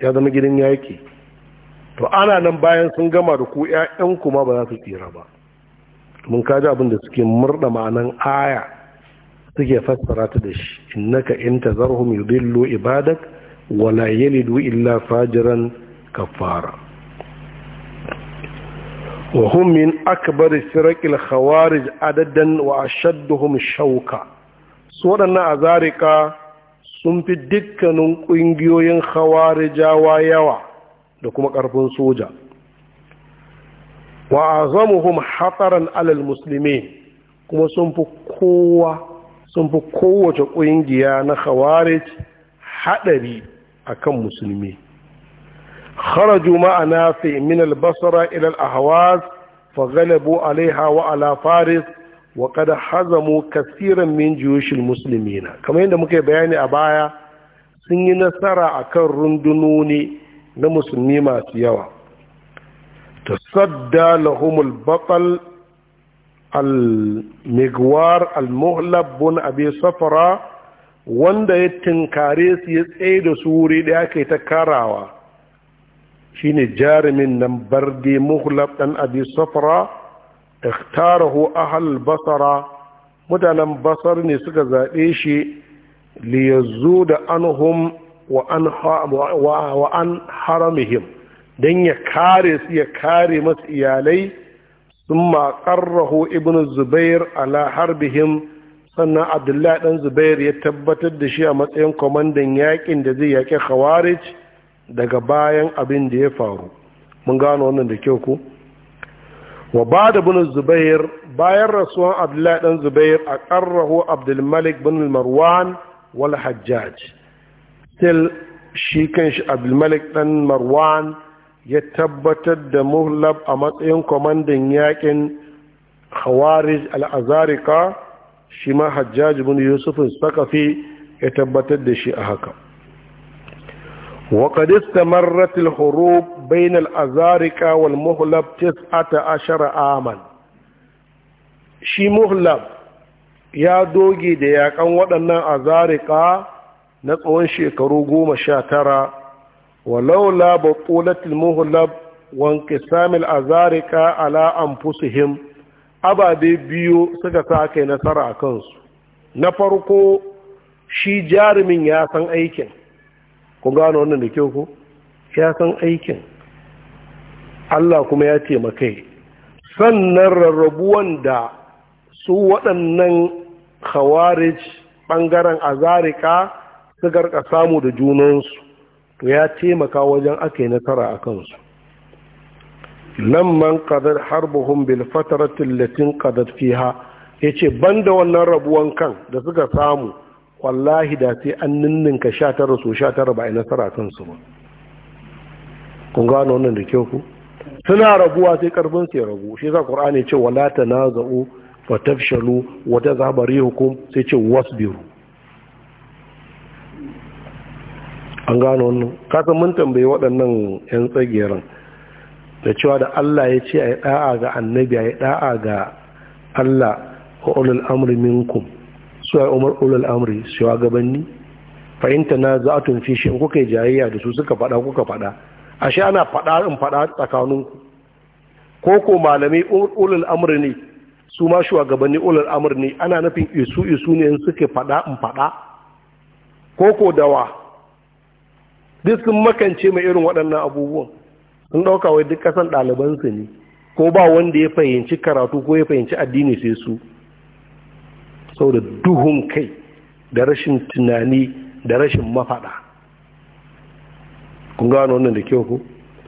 Speaker 1: ya zama gidan yaƙi to ana nan bayan sun gama da ku ƴaƴan kuma ba za su tsira ba mun kaji abin da suke murda ma'anan aya suke fassara ta da shi innaka in tazarhum yudillu ibadak wala yalidu illa fajiran kafara wa hum min akbar sirqil khawarij adadan wa ashadduhum shauka su waɗannan azarika sun fi dukkanin ƙungiyoyin hawarijawa yawa da kuma ƙarfin soja wa azamuhum hataran alal musulmi kuma sun fi kowace ƙungiya na hawarij haɗari a kan musulmi kharaju ma'ana fi min albasara ilal ahawaz fa galabu alaiha wa ala faris wa kada hazamu kasiran min musulmi musulmina kamar yadda muka bayani a baya sun yi nasara a kan rundunoni na musulmi masu yawa ta sadda lahumul batal al-migwar al-muhlabun abi safara wanda ya tinkare su ya tsaye da su wuri da ya kai ta karawa shine jarumin nan barde muhlab dan abi safara ikhtarahu ahal basara mutanen basar ne suka zaɓe shi liyazu da anhum wa an haramihim don ya kare su ya kare masu iyalai sun maƙarrahu ibnu zubair ala harbihim sannan abdullahi ɗan zubair ya tabbatar da shi a matsayin kwamandan yaƙin da zai yaƙi kawarij daga bayan abin da ya faru mun gano wannan da kyau ku wa ba da bin zubair bayan rasuwan abdullahi dan zubair a ƙarraho abdulmalik bin marwan wal hajjaj still shi shi abdulmalik ɗan marwan ya tabbatar da muhlab a matsayin kwamandan yakin khawarij al'azarika shi ma hajjaj bin yusuf sakafi ya tabbatar da shi a haka وقد استمرت الحروب muhlab الأزارقة والمهلب تسعة عشر عاما شي مهلب يا دوغي da yaƙan waɗannan azarika na tsawon shekaru goma sha tara walaula batulatul muhlab wanqisamil azariƙa ala anfusihim ababe biyu suka sa kai nasara a kansu na farko shi jarumin ya san aikin Ku gane wannan da kyau ko ya san aikin Allah kuma ya taimakai sannan rarrabuwan da su waɗannan khawarij ɓangaren azarika su garka samu da junansu to ya taimaka wajen aka yi nasara a kansu man ƙadar harbuhun bilfatarattun latin ƙadar fiha ya ce ban da wannan rabuwan kan da suka samu wallahi da sai an ninninka sha tara so sha tara ba a yi nasara kansu ba kun gano wannan da kyau ku suna raguwa sai karfin sai ragu shi yasa qur'ani ce wala tanaza'u wa tafshalu wa tazhaba hukum sai ce wasbiru an gano wannan kasan mun tambayi waɗannan yan tsageran da cewa da Allah ya ce a yi ɗa'a ga annabi a yi ɗa'a ga Allah wa ulul amri minkum suwa umar ulul amri suwa gabanni fahimta na za'atun fi shi kuka yi jayayya da su suka fada kuka fada, ashe ana fada in fada tsakaninku ko ko malamai ulul amri ne su ma gabanni ulul amri ne ana nufin isu isu ne in suke fada in fada, ko ko dawa duk sun makance mai irin waɗannan abubuwan sun ɗauka wai duk ƙasan ɗalibansu ne ko ba wanda ya fahimci karatu ko ya fahimci addini sai su saboda duhun kai da rashin tunani da rashin mafaɗa kun gano wannan da kyau ku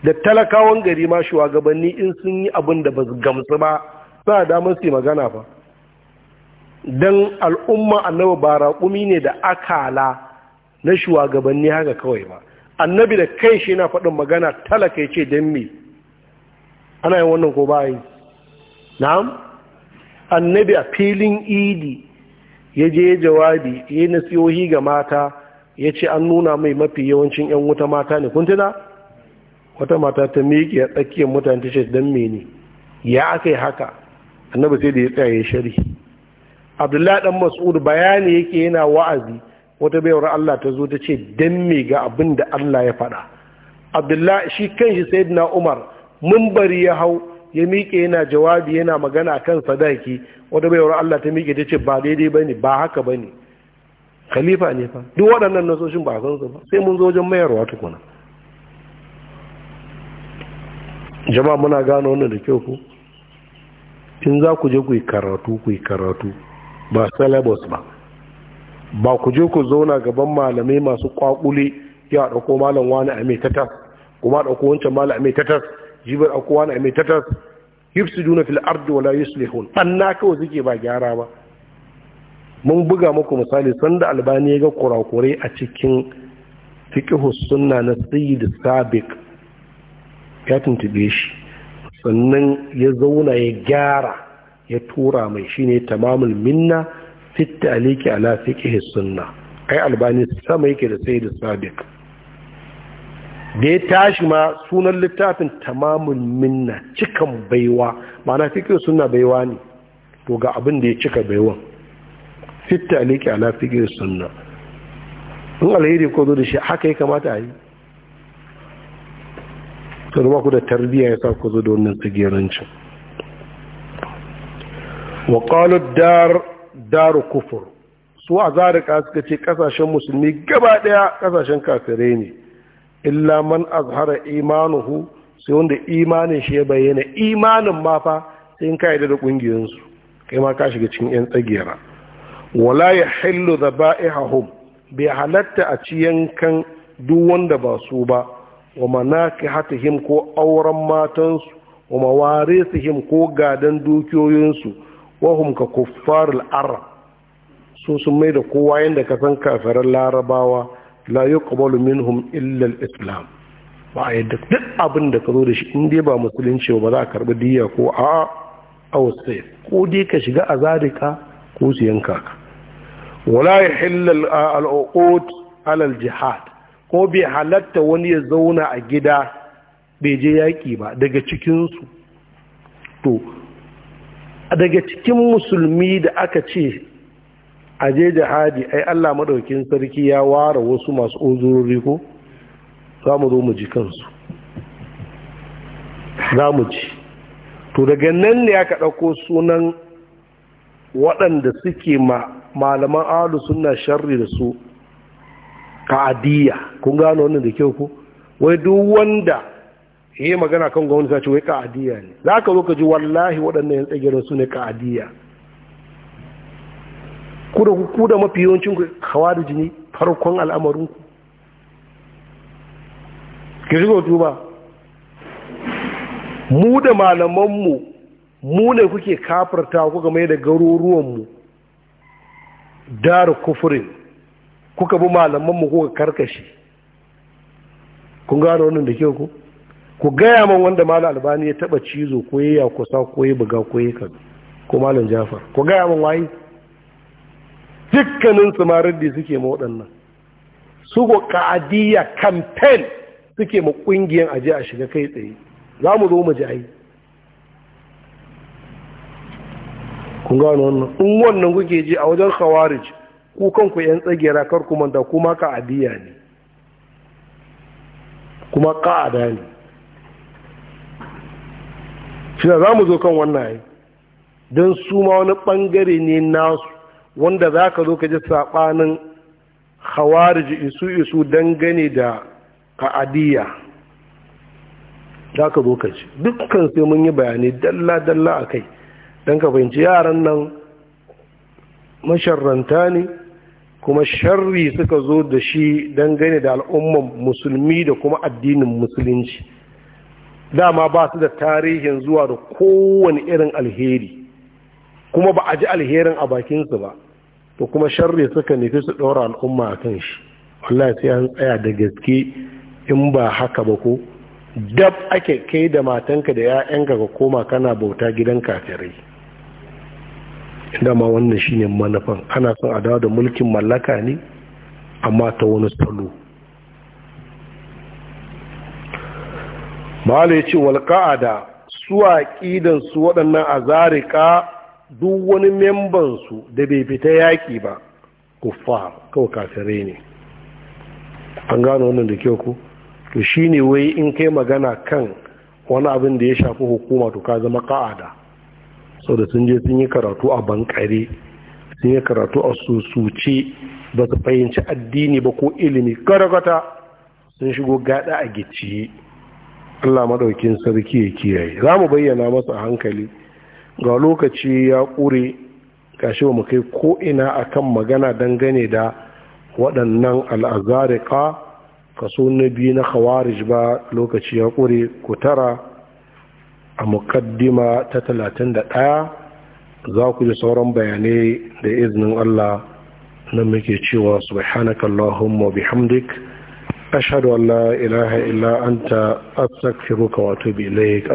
Speaker 1: da talakawan gari ma shugabanni in sun yi abin da ba su gamsu ba suna damar su magana ba don al'umma annabi ba raƙumi ne da akala na shugabanni haka kawai ba annabi da kai shi na faɗin magana talaka ya ce don me ana yin wannan ko bayi na'am annabi a filin idi ya je jawabi ya nasihohi ga mata ya ce an nuna mai mafi yawancin 'yan wuta mata ne kun tuna wata mata ta miƙe a tsakiyar mutane ta ce don mene ya aka yi haka annabi sai da ya tsaye shari abdullahi dan mas'ud bayani yake yana wa'azi wata bayar Allah ta zo ta ce don me ga abin da Allah ya faɗa abdullahi shi kanshi sayyidina umar mun bari ya hau ya miƙe yana jawabi yana magana kan sadaki wata baiwar Allah ta miƙe ta ce ba daidai ba ne ba haka ba ne khalifa ne fa duk waɗannan nasoshin ba san su ba sai mun zo wajen mayarwa tukuna jama'a muna gano wannan da kyau ku in za ku je ku yi karatu ku yi karatu ba syllabus ba ba ku je ku zauna gaban malamai masu kwakule ya ɗauko malam wani a mai tatas kuma ɗauko wancan malam a mai tatas jibar akwa na mai tatas duna fil ardi wala yuslihun banna kawai suke ba gyara ba mun buga muku misali sanda albani ya ga kurakure a cikin fiqh sunna na sayyid sabiq ya tuntube shi sannan ya zauna ya gyara ya tura mai shine tamamul minna fit ta'liqi ala fiqh sunna ai albani sama yake da sayyid sabiq da ya tashi ma sunan littafin tamamun minna cikan baiwa ma'ana fikir suna baiwa ne to ga abin da ya cika baiwan fitta aliki ala fikir suna in alheri ko zo da shi haka ya kamata a yi sun ku da tarbiyya ya sa ku zo da wannan tsigirancin wa qalu dar daru kufur su a zarika suka ce kasashen musulmi gaba daya kasashen kafirai ne illa man azhara imanuhu sai wanda imanin shi ya bayyana imanin ma fa sai in ka da su kai ma ka shiga cikin yan tsagiyara wala yahillu dhaba'ihum bi halatta a ci yankan duk wanda ba su ba wa manakihatihim ko auren matansu wa mawarisihim ko gadan dukiyoyinsu hum ka kuffarul arab su sun mai da kowa yanda ka san kafirin larabawa la yuqbalu minhum illa al-islam ba a yadda duk abin da ka zo da shi in dai ba musulunci ba za a karbi diya ko a aw sai ko dai ka shiga azarika ko su yanka ka wala yahilla al-uqud ala jihad ko bai halatta wani ya zauna a gida bai je yaƙi ba daga cikinsu to daga cikin musulmi da aka ce a je jihadi ai Allah madaukin sarki ya ware wasu masu uzurori ko za mu zo mu ji kansu za mu ji to daga nan ne aka ɗauko sunan waɗanda suke ma malaman alu suna sharri da su ka'adiyya kun gano wannan da kyau ko wai duk wanda ya yi magana kan gwamnati ta ce wai ka'adiyya ne za ka zo ka ji wallahi waɗannan yan tsagirin su ne ka'adiyya ku da ku da mafi yawancin ku da jini farkon al'amarin ku ki shigo ba mu da malaman mu mu ne kuke kafirta ku game da garuruwan mu dar kufurin kuka bi malaman mu kuka karkashi kun gano wannan da kyau ku ku gaya man wanda malam albani ya taba cizo ko ya kusa ko ya buga ko ya kan ko malam jafar ku gaya man waye dukkanin su maraddi suke ma waɗannan su ko ka'adiyya campaign suke ma ƙungiyar aje a shiga kai tsaye za mu zo mu ji ai kun gano wannan in wannan kuke ji a wajen khawarij ku kanku yan tsagera kar ku manta kuma ka'adiyya ne kuma ka'ada ne shi za mu zo kan wannan ai don su ma wani bangare ne nasu wanda za ka zo ka ji saɓanin hawariji isu isu dangane da ka'adiyya za ka zo ka ji dukkan sai mun yi bayanai dalla-dalla a kai don ka fahimci yaran nan masharranta ne kuma sharri suka zo da shi dangane da al'ummar musulmi da kuma addinin musulunci dama ba su da tarihin zuwa da kowane irin alheri kuma ba a ji alherin a bakinsu ba to kuma sharri suka nufi su ɗora al'umma a kan shi wallahi sai an tsaya da gaske in ba haka ba ko dab ake kai da matanka da 'ya'yanka ka koma kana bauta gidan kafirai dama wannan shine manufan ana son a dawo da mulkin mallaka ne amma ta wani salo mala ya ce walƙa'a da su a su waɗannan azarika duk wani membansu da bai fita yaƙi ba kuffa kawai kafirai ne an gano wannan da kyau ku to shi ne wai in kai magana kan wani abin da ya shafi hukuma to ka zama ka'ada sau da sun je sun yi karatu a bankare sun yi karatu a susuce ba su fahimci addini ba ko ilimi karkata sun shigo gada a gicciye allah maɗaukin sarki ya kiyaye za mu bayyana masa hankali ga lokaci ya ƙure gashi ba mu kai ko'ina a kan magana dangane da waɗannan al'azariƙa kaso na biyu na khawarij ba lokaci ya ƙure ku tara a muƙaddima ta talatin da ɗaya za ku ji sauran bayanai da izinin Allah na muke cewa subhanaka Allahumma bihamdik ashhadu an la ilaha illa anta astaghfiruka wa atubu ilaik